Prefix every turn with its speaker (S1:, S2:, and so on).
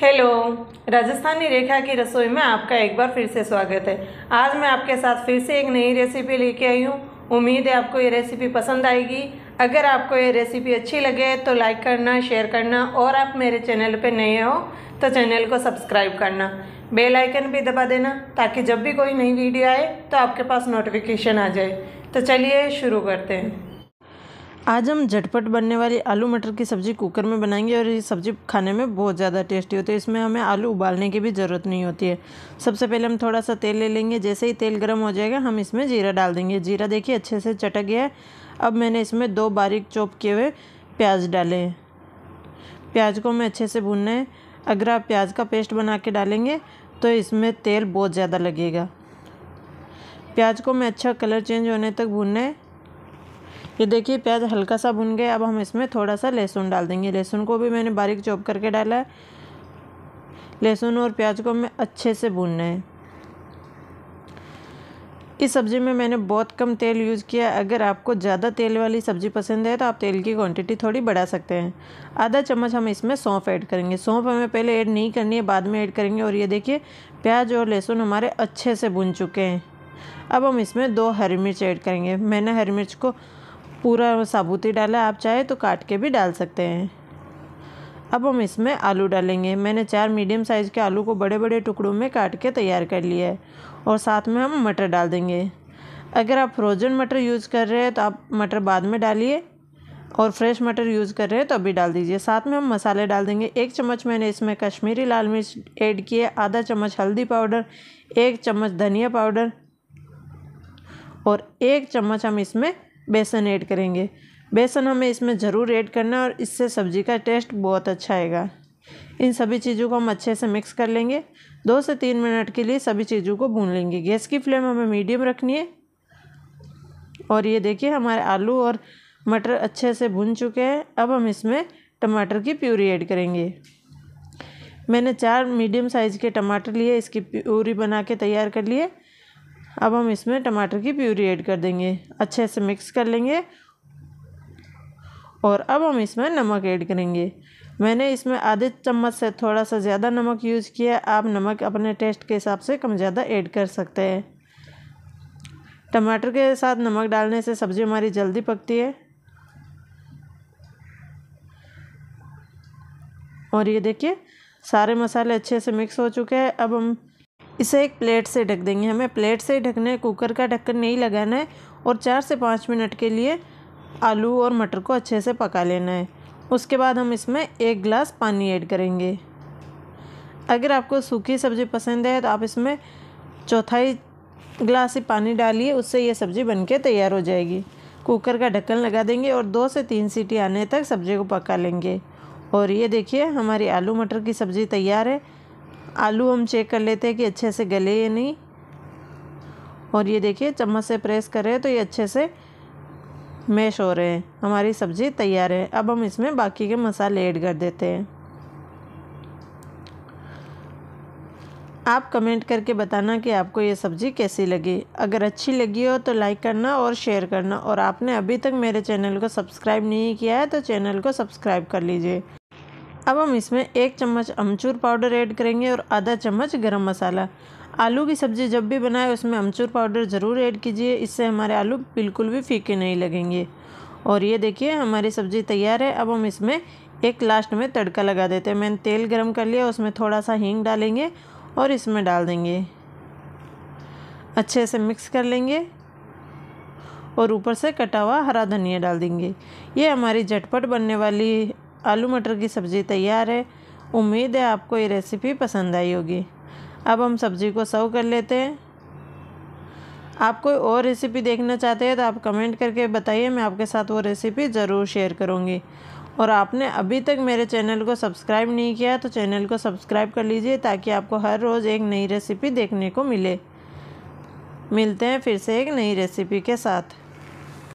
S1: hello Rajasthani Rekha की रसोई में आपका एक बार फिर से स्वागत है आज मैं आपके साथ फिर से एक नई रेसिपी लेके आई हूँ उम्मीद है आपको ये रेसिपी पसंद आएगी अगर आपको ये रेसिपी अच्छी लगे तो लाइक करना शेयर करना और आप मेरे चैनल पे नए हो तो चैनल को सब्सक्राइब करना बेल आइकन भी दबा देना ताकि जब भी कोई नई वीडियो आए तो आपके पास नोटिफिकेशन आ जाए तो चलिए शुरू करते हैं आज हम झटपट बनने वाली आलू मटर की सब्ज़ी कुकर में बनाएंगे और ये सब्ज़ी खाने में बहुत ज़्यादा टेस्टी होती है इसमें हमें आलू उबालने की भी ज़रूरत नहीं होती है सबसे पहले हम थोड़ा सा तेल ले लेंगे जैसे ही तेल गर्म हो जाएगा हम इसमें जीरा डाल देंगे जीरा देखिए अच्छे से चटक गया है अब मैंने इसमें दो बारीक चौप किए हुए प्याज डाले हैं प्याज को हमें अच्छे से भूनना है अगर आप प्याज का पेस्ट बना के डालेंगे तो इसमें तेल बहुत ज़्यादा लगेगा प्याज को हमें अच्छा कलर चेंज होने तक भूनना है ये देखिए प्याज हल्का सा भुन गया अब हम इसमें थोड़ा सा लहसुन डाल देंगे लहसुन को भी मैंने बारीक चॉप करके डाला है लहसुन और प्याज को हमें अच्छे से भूनना है इस सब्ज़ी में मैंने बहुत कम तेल यूज़ किया अगर आपको ज़्यादा तेल वाली सब्ज़ी पसंद है तो आप तेल की क्वांटिटी थोड़ी बढ़ा सकते हैं आधा चम्मच हम इसमें सौंफ ऐड करेंगे सौंफ हमें पहले ऐड नहीं करनी है बाद में ऐड करेंगे और ये देखिए प्याज और लहसुन हमारे अच्छे से भुन चुके हैं अब हम इसमें दो हरी मिर्च ऐड करेंगे मैंने हरी मिर्च को पूरा साबुत ही डाला आप चाहे तो काट के भी डाल सकते हैं अब हम इसमें आलू डालेंगे मैंने चार मीडियम साइज़ के आलू को बड़े बड़े टुकड़ों में काट के तैयार कर लिया है और साथ में हम मटर डाल देंगे अगर आप फ्रोजन मटर यूज़ कर रहे हैं तो आप मटर बाद में डालिए और फ्रेश मटर यूज़ कर रहे हैं तो अभी डाल दीजिए साथ में हम मसाले डाल देंगे एक चम्मच मैंने इसमें कश्मीरी लाल मिर्च ऐड किए आधा चम्मच हल्दी पाउडर एक चम्मच धनिया पाउडर और एक चम्मच हम इसमें बेसन ऐड करेंगे बेसन हमें इसमें ज़रूर ऐड करना है और इससे सब्ज़ी का टेस्ट बहुत अच्छा आएगा इन सभी चीज़ों को हम अच्छे से मिक्स कर लेंगे दो से तीन मिनट के लिए सभी चीज़ों को भून लेंगे गैस की फ्लेम हमें मीडियम रखनी है और ये देखिए हमारे आलू और मटर अच्छे से भुन चुके हैं अब हम इसमें टमाटर की प्यूरी ऐड करेंगे मैंने चार मीडियम साइज़ के टमाटर लिए इसकी प्यूरी बना के तैयार कर लिए अब हम इसमें टमाटर की प्यूरी ऐड कर देंगे अच्छे से मिक्स कर लेंगे और अब हम इसमें नमक ऐड करेंगे मैंने इसमें आधे चम्मच से थोड़ा सा ज़्यादा नमक यूज़ किया आप नमक अपने टेस्ट के हिसाब से कम ज़्यादा ऐड कर सकते हैं टमाटर के साथ नमक डालने से सब्ज़ी हमारी जल्दी पकती है और ये देखिए सारे मसाले अच्छे से मिक्स हो चुके हैं अब हम इसे एक प्लेट से ढक देंगे हमें प्लेट से ढकना है कुकर का ढक्कन नहीं लगाना है और चार से पाँच मिनट के लिए आलू और मटर को अच्छे से पका लेना है उसके बाद हम इसमें एक गिलास पानी ऐड करेंगे अगर आपको सूखी सब्ज़ी पसंद है तो आप इसमें चौथाई गिलास ही पानी डालिए उससे ये सब्ज़ी बन तैयार हो जाएगी कुकर का ढक्कन लगा देंगे और दो से तीन सीटी आने तक सब्ज़ी को पका लेंगे और ये देखिए हमारी आलू मटर की सब्ज़ी तैयार है आलू हम चेक कर लेते हैं कि अच्छे से गले या नहीं और ये देखिए चम्मच से प्रेस कर रहे हैं तो ये अच्छे से मैश हो रहे हैं हमारी सब्ज़ी तैयार है अब हम इसमें बाकी के मसाले ऐड कर देते हैं आप कमेंट करके बताना कि आपको ये सब्ज़ी कैसी लगी अगर अच्छी लगी हो तो लाइक करना और शेयर करना और आपने अभी तक मेरे चैनल को सब्सक्राइब नहीं किया है तो चैनल को सब्सक्राइब कर लीजिए अब हम इसमें एक चम्मच अमचूर पाउडर ऐड करेंगे और आधा चम्मच गरम मसाला आलू की सब्ज़ी जब भी बनाए उसमें अमचूर पाउडर ज़रूर ऐड कीजिए इससे हमारे आलू बिल्कुल भी फीके नहीं लगेंगे और ये देखिए हमारी सब्ज़ी तैयार है अब हम इसमें एक लास्ट में तड़का लगा देते हैं मैंने तेल गरम कर लिया उसमें थोड़ा सा हींग डालेंगे और इसमें डाल देंगे अच्छे से मिक्स कर लेंगे और ऊपर से कटा हुआ हरा धनिया डाल देंगे ये हमारी झटपट बनने वाली आलू मटर की सब्ज़ी तैयार है उम्मीद है आपको ये रेसिपी पसंद आई होगी अब हम सब्ज़ी को सर्व कर लेते हैं आप कोई और रेसिपी देखना चाहते हैं तो आप कमेंट करके बताइए मैं आपके साथ वो रेसिपी ज़रूर शेयर करूँगी और आपने अभी तक मेरे चैनल को सब्सक्राइब नहीं किया तो चैनल को सब्सक्राइब कर लीजिए ताकि आपको हर रोज़ एक नई रेसिपी देखने को मिले मिलते हैं फिर से एक नई रेसिपी के साथ